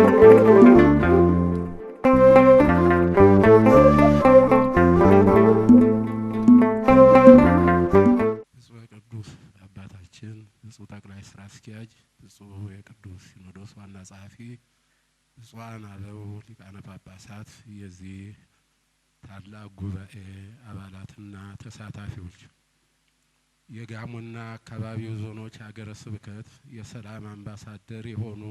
ብፁዕ ጠቅላይ ስራ አስኪያጅ፣ ብፁዕ የቅዱስ ሲኖዶስ ዋና ጸሐፊ፣ ብፁዓን አበው ሊቃነ ጳጳሳት፣ የዚህ ታላቅ ጉባኤ አባላትና ተሳታፊዎች፣ የጋሞና አካባቢው ዞኖች ሀገረ ስብከት የሰላም አምባሳደር የሆኑ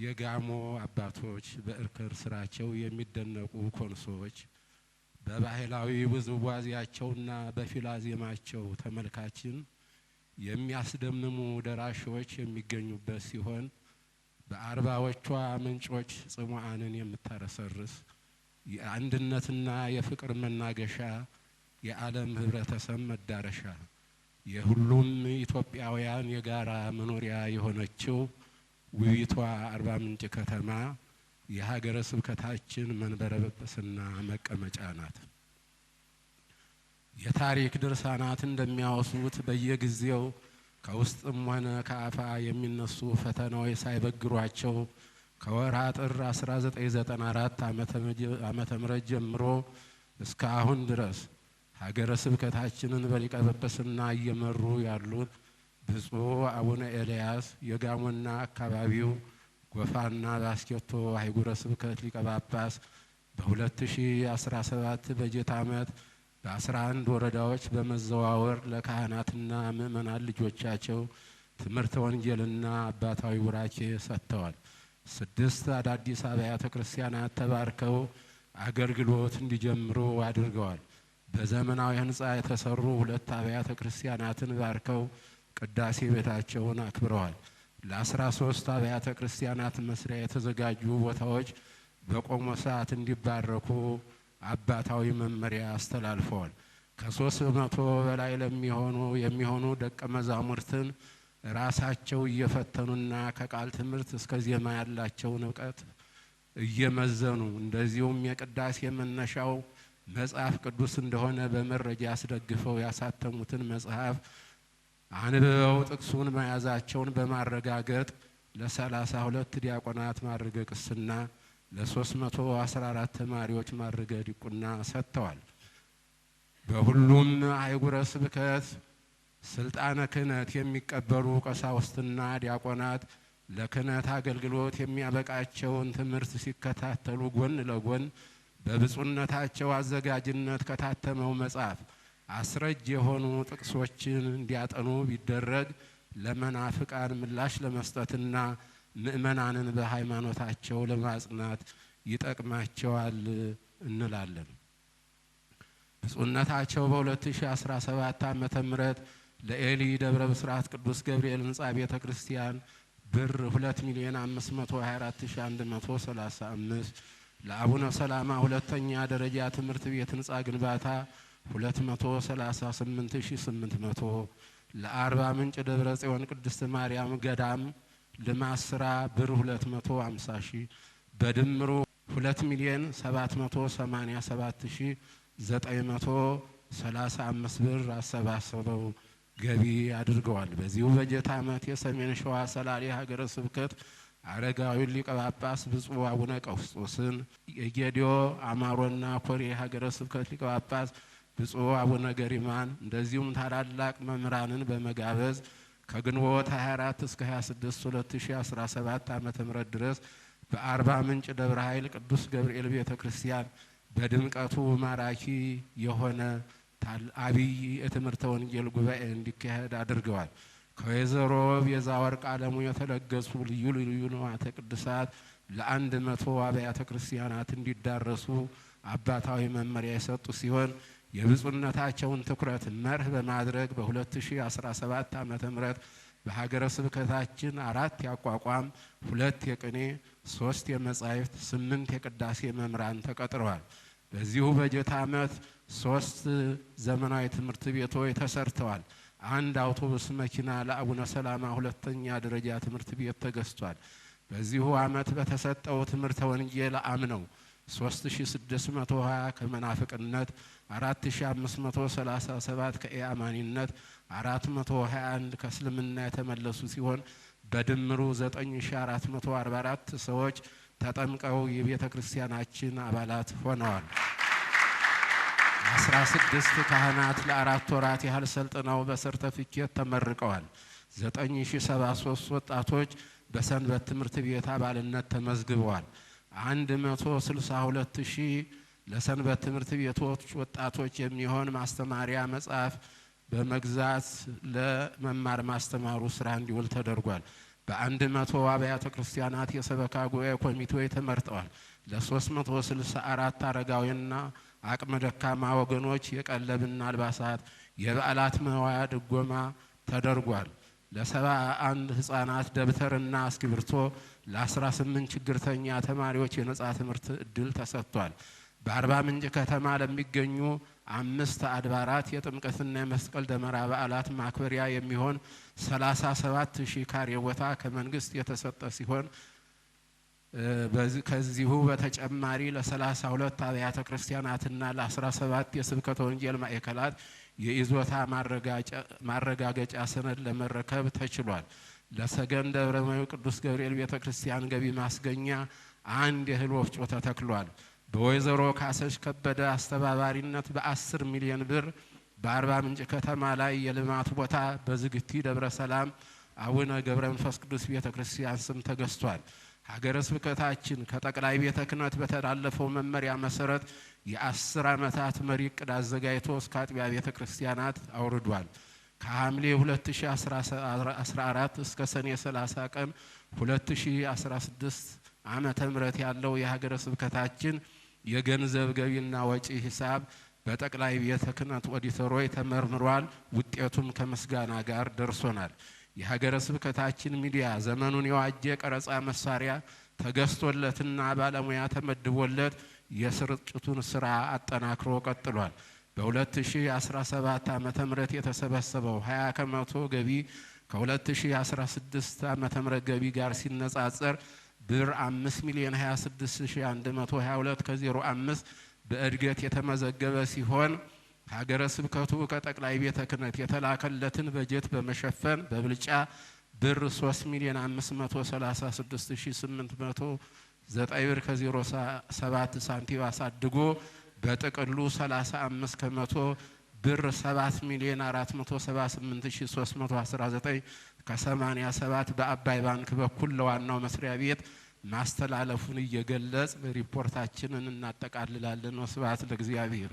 የጋሞ አባቶች በእርከር ስራቸው የሚደነቁ ኮንሶዎች በባህላዊ ውዝዋዜያቸውና በፊላዜማቸው ተመልካችን የሚያስደምሙ ደራሾች የሚገኙበት ሲሆን በአርባዎቿ ምንጮች ጽሙአንን የምታረሰርስ የአንድነትና የፍቅር መናገሻ የዓለም ህብረተሰብ መዳረሻ የሁሉም ኢትዮጵያውያን የጋራ መኖሪያ የሆነችው ውይይቷ አርባ ምንጭ ከተማ የሀገረ ስብከታችን መንበረ ጵጵስና መቀመጫ ናት። የታሪክ ድርሳናት እንደሚያወሱት በየጊዜው ከውስጥም ሆነ ከአፋ የሚነሱ ፈተናዎች ሳይበግሯቸው ከወርሃ ጥር 1994 ዓመተ ምህረት ጀምሮ እስከ አሁን ድረስ ሀገረ ስብከታችንን በሊቀ ጵጵስና እየመሩ ያሉት ብፁዕ አቡነ ኤልያስ የጋሞና አካባቢው ጎፋና ባስኬቶ አህጉረ ስብከት ሊቀ ጳጳስ በ2017 በጀት ዓመት በ11 ወረዳዎች በመዘዋወር ለካህናትና ምእመናን ልጆቻቸው ትምህርተ ወንጌልና አባታዊ ቡራኬ ሰጥተዋል። ስድስት አዳዲስ አብያተ ክርስቲያናት ተባርከው አገልግሎት እንዲጀምሩ አድርገዋል። በዘመናዊ ህንፃ የተሰሩ ሁለት አብያተ ክርስቲያናትን ባርከው ቅዳሴ ቤታቸውን አክብረዋል። ለአስራ ሶስት አብያተ ክርስቲያናት መስሪያ የተዘጋጁ ቦታዎች በቆሞ ሰዓት እንዲባረኩ አባታዊ መመሪያ አስተላልፈዋል። ከሶስት መቶ በላይ ለሚሆኑ የሚሆኑ ደቀ መዛሙርትን ራሳቸው እየፈተኑና ከቃል ትምህርት እስከ ዜማ ያላቸውን እውቀት እየመዘኑ እንደዚሁም የቅዳሴ መነሻው መጽሐፍ ቅዱስ እንደሆነ በመረጃ አስደግፈው ያሳተሙትን መጽሐፍ አንብበው ጥቅሱን መያዛቸውን በማረጋገጥ ለሰላሳ ሁለት ዲያቆናት ማዕረገ ቅስና ለሶስት መቶ አስራ አራት ተማሪዎች ማዕረገ ዲቁና ሰጥተዋል። በሁሉም አህጉረ ስብከት ስልጣነ ክህነት የሚቀበሉ ቀሳውስትና ዲያቆናት ለክህነት አገልግሎት የሚያበቃቸውን ትምህርት ሲከታተሉ ጎን ለጎን በብፁዕነታቸው አዘጋጅነት ከታተመው መጽሐፍ አስረጅ የሆኑ ጥቅሶችን እንዲያጠኑ ቢደረግ ለመናፍቃን ምላሽ ለመስጠትና ምእመናንን በሃይማኖታቸው ለማጽናት ይጠቅማቸዋል እንላለን። ብፁዕነታቸው በ2017 ዓ ም ለኤሊ ደብረ ብስራት ቅዱስ ገብርኤል ህንጻ ቤተ ክርስቲያን ብር 2 ለአቡነ ሰላማ ሁለተኛ ደረጃ ትምህርት ቤት ህንጻ ግንባታ መቶ ለአርባ ምንጭ ደብረ ጽዮን ቅድስት ማርያም ገዳም ልማት ስራ ብር 250 ሺ በድምሩ 2 ሚሊዮን አምስት ብር አሰባስበው ገቢ አድርገዋል። በዚሁ በጀት ዓመት የሰሜን ሸዋ ሰላሌ ሀገረ ስብከት አረጋዊ ሊቀ ጳጳስ ብፁዕ አቡነ ቀውስጦስን የጌዲዮ አማሮና ኮሬ ሀገረ ስብከት ሊቀ ጳጳስ ብፁዕ አቡነ ገሪማን እንደዚሁም ታላላቅ መምህራንን በመጋበዝ ከግንቦት 24 እስከ 26 2017 ዓ.ም ድረስ በአርባ ምንጭ ደብረ ኃይል ቅዱስ ገብርኤል ቤተ ክርስቲያን በድምቀቱ ማራኪ የሆነ አብይ የትምህርተ ወንጌል ጉባኤ እንዲካሄድ አድርገዋል። ከወይዘሮ ቤዛ ወርቅ አለሙ የተለገሱ ልዩ ልዩ ንዋተ ቅድሳት ለአንድ መቶ አብያተ ክርስቲያናት እንዲዳረሱ አባታዊ መመሪያ የሰጡ ሲሆን የብፁዕነታቸውን ትኩረት መርህ በማድረግ በ2017 ዓ ም በሀገረ ስብከታችን አራት የአቋቋም፣ ሁለት የቅኔ፣ ሶስት የመጻሕፍት፣ ስምንት የቅዳሴ መምህራን ተቀጥረዋል። በዚሁ በጀት ዓመት ሶስት ዘመናዊ ትምህርት ቤቶች ተሰርተዋል። አንድ አውቶቡስ መኪና ለአቡነ ሰላማ ሁለተኛ ደረጃ ትምህርት ቤት ተገዝቷል። በዚሁ ዓመት በተሰጠው ትምህርተ ወንጌል አምነው 3620 ከመናፍቅነት፣ 4537 ከኢአማኒነት፣ 421 ከእስልምና የተመለሱ ሲሆን በድምሩ 9444 ሰዎች ተጠምቀው የቤተ ክርስቲያናችን አባላት ሆነዋል። 16 ካህናት ለአራት ወራት ያህል ሰልጥነው ፍኬት ተመርቀዋል። 9073 ወጣቶች በሰንበት ትምህርት ቤት አባልነት ተመዝግበዋል። አንድ መቶ ስልሳ ሁለት ሺህ ለሰንበት ትምህርት ቤቶች ወጣቶች የሚሆን ማስተማሪያ መጽሐፍ በመግዛት ለመማር ማስተማሩ ስራ እንዲውል ተደርጓል። በአንድ መቶ አብያተ ክርስቲያናት የሰበካ ጉባኤ ኮሚቴዎች ተመርጠዋል። ለ364 አረጋዊና አቅመ ደካማ ወገኖች የቀለብና አልባሳት፣ የበዓላት መዋያ ድጎማ ተደርጓል። ለሰባ አንድ ህጻናት ደብተርና እስክሪብቶ ለ18 ችግርተኛ ተማሪዎች የነጻ ትምህርት እድል ተሰጥቷል። በአርባ ምንጭ ከተማ ለሚገኙ አምስት አድባራት የጥምቀትና የመስቀል ደመራ በዓላት ማክበሪያ የሚሆን 37 ሺህ ካሬ ቦታ ከመንግስት የተሰጠ ሲሆን ከዚሁ በተጨማሪ ለ32 አብያተ ክርስቲያናትና ለ17 የስብከተ ወንጌል ማዕከላት የይዞታ ማረጋገጫ ሰነድ ለመረከብ ተችሏል። ለሰገን ደብረማዊ ቅዱስ ገብርኤል ቤተ ክርስቲያን ገቢ ማስገኛ አንድ የእህል ወፍጮ ተተክሏል። በወይዘሮ ካሰች ከበደ አስተባባሪነት በአስር ሚሊዮን ብር በአርባ ምንጭ ከተማ ላይ የልማት ቦታ በዝግቲ ደብረ ሰላም አቡነ ገብረ መንፈስ ቅዱስ ቤተ ክርስቲያን ስም ተገዝቷል። ሀገረ ስብከታችን ከጠቅላይ ቤተ ክህነት በተላለፈው መመሪያ መሰረት የአስር ዓመታት መሪ እቅድ አዘጋጅቶ እስከ አጥቢያ ቤተ ክርስቲያናት አውርዷል። ከሐምሌ 2014 እስከ ሰኔ 30 ቀን 2016 ዓመተ ምህረት ያለው የሀገረ ስብከታችን የገንዘብ ገቢና ወጪ ሂሳብ በጠቅላይ ቤተ ክህነት ኦዲተሮች ተመርምሯል። ውጤቱም ከምስጋና ጋር ደርሶናል። የሀገረ ስብከታችን ሚዲያ ዘመኑን የዋጀ ቀረጻ መሳሪያ ተገዝቶለትና ባለሙያ ተመድቦለት የስርጭቱን ስራ አጠናክሮ ቀጥሏል። በ2017 ዓ ም የተሰበሰበው 20 ከመቶ ገቢ ከ2016 ዓ ም ገቢ ጋር ሲነጻጸር ብር 5 ሚሊዮን 26122 ከ05 በእድገት የተመዘገበ ሲሆን ሀገረ ስብከቱ ከጠቅላይ ቤተ ክህነት የተላከለትን በጀት በመሸፈን በብልጫ ብር 3 ሚሊዮን 536809 ብር ከ07 ሳንቲም አሳድጎ በጥቅሉ 35 ከመቶ ብር 7 ሚሊዮን 478319 ከ87 በአባይ ባንክ በኩል ለዋናው መስሪያ ቤት ማስተላለፉን እየገለጽ ሪፖርታችንን እናጠቃልላለን። ወስብሐት ለእግዚአብሔር።